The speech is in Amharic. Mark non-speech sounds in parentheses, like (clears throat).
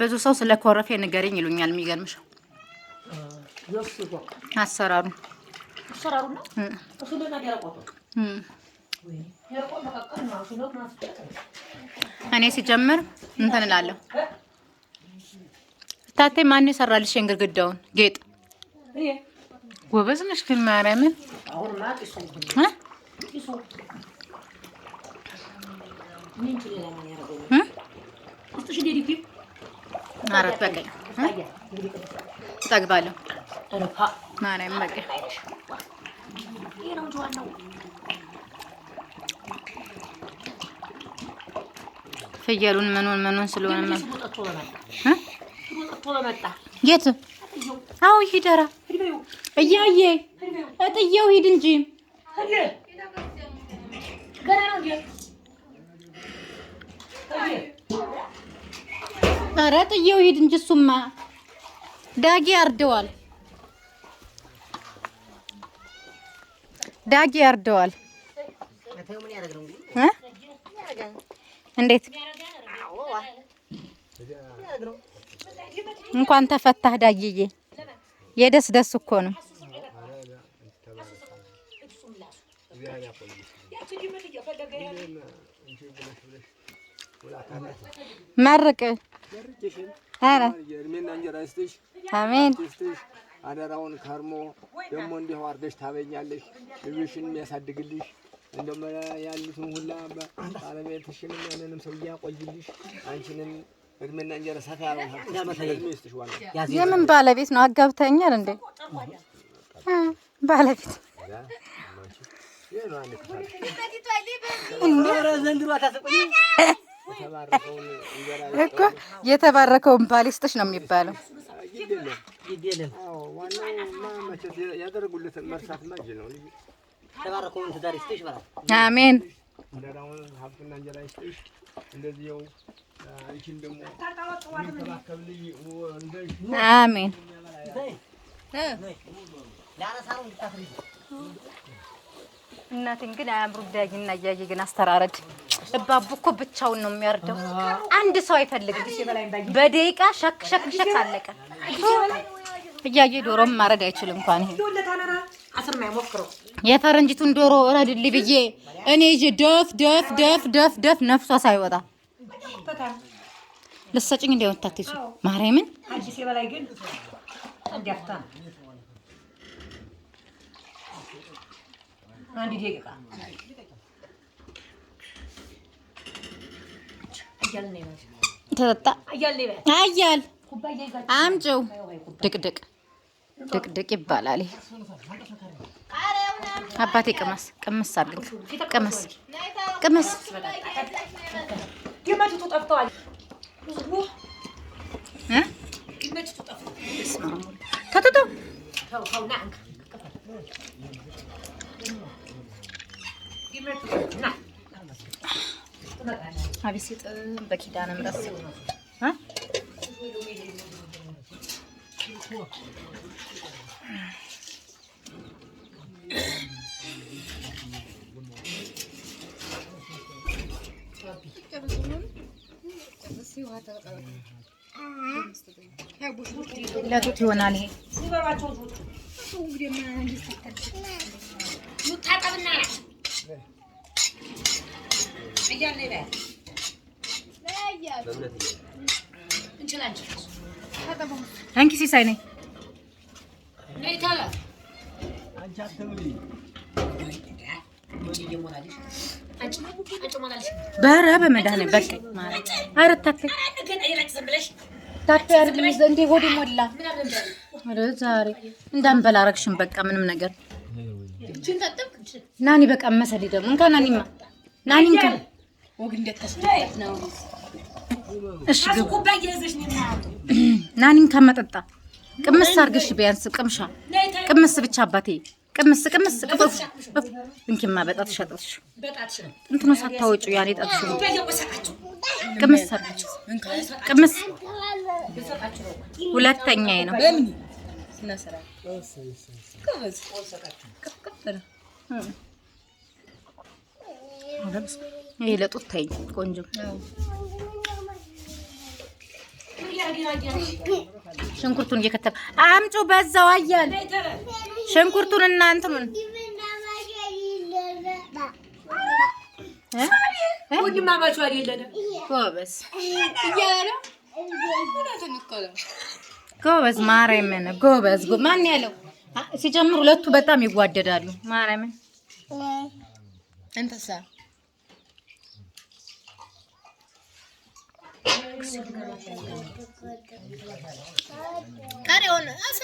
ብዙ ሰው ስለ ኮረፌ ንገረኝ ይሉኛል። የሚገርምሽ አሰራሩ እኔ ሲጀምር እንትን እላለሁ። ታቴ ማን ይሰራልሽ ግድግዳውን ጌጥ? ጎበዝ ነሽ ግን ማርያምን እ አራት በቀኝ እጠግባለሁ። ማርያም በቀኝ ፍየሉን ምኑን ምኑን ስለሆነ የት አዎ፣ ሂደራ እያየ እጥየው ሂድ እንጂ ኧረ ጥዬው ሂድ እንጂ እሱማ ዳጊ አርደዋል። ዳጊ አርደዋል። እንዴት እንኳን ተፈታህ ዳጊዬ። የደስ ደስ እኮ ነው። መርቅ ኧረ እድሜና እንጀራ ይስጥሽ። አሜን አደራውን ከርሞ ደግሞ እንዲህ አርገሽ ታበኛለሽ። ልጆሽን የሚያሳድግልሽ እንደውም ያሉትን ሁላ ባለቤትሽንም ያንንም ሰው እያቆይልሽ አንቺንም እድሜና እንጀራ ሰፋ ያለ የምን ባለቤት ነው? አጋብተኛል እንዴ ባለቤት ዘንድሮ እኮ የተባረከውን ባል ይስጥሽ ነው የሚባለው። አሜን። አሜን። እናቴን ግን አያምሩም። ዳጊና እያየ ግን አስተራረድ እባቡ እኮ ብቻውን ነው የሚያርደው። አንድ ሰው አይፈልግም። በደቂቃ ሸክ ሸክ ሸክ አለቀ። እያየ ዶሮም ማረድ አይችል እንኳን ይሄ የፈረንጅቱን ዶሮ እረድልኝ ብዬ እኔ ይዤ ደፍ ደፍ ደፍ ደፍ ደፍ ነፍሷ ሳይወጣ ልትሰጭኝ ወታት ይሱ ማርያምን አንድ ደቂቃ አያል አምጪው ድቅድቅ ድቅድቅ ይባላል። አባቴ ቅመስ ቅመስ አድርግ ቅመስ ቅመስ ተጠጣው በመካቢት ሲጥም በኪዳነ ምሕረት ሲጥም ለጡት ይሆናል። ይሄ ታጠብና አንቺ ሲሳይ ነኝ። በረ በመድኃኒዓለም በቃ ኧረ እታክል እንደ ሆዴ ሞላ ዛሬ እንዳንበላ አረግሽን። በቃ ምንም ነገር ናኒ በቃ መሰለኝ ደግሞ እንካ ናኒማ ናኒ እሺ (clears throat) ናኒን ከመጠጣ ቅምስ አርግሽ ቢያንስ ቅምሻ ቅምስ ብቻ አባቴ ቅምስ ቅምስ ቅምስ እንኪማ በጣትሽ አጥብሽ እንትኑ ሳታወጪው ያኔ ጣትሽ ቅምስ አድርግሽ ቅምስ ሁለተኛዬ ነው። ይሄ ለጡት ተይኝ ቆንጆ ሽንኩርቱን እየከተፈ አምጩ በዛው አያል ሽንኩርቱን እና እንትኑን ጎበዝ ማርያምን ጎበዝ ማን ያለው ሲጀምሩ ሁለቱ በጣም ይዋደዳሉ። ማርያምን እንተሳ Kare onu. Asıl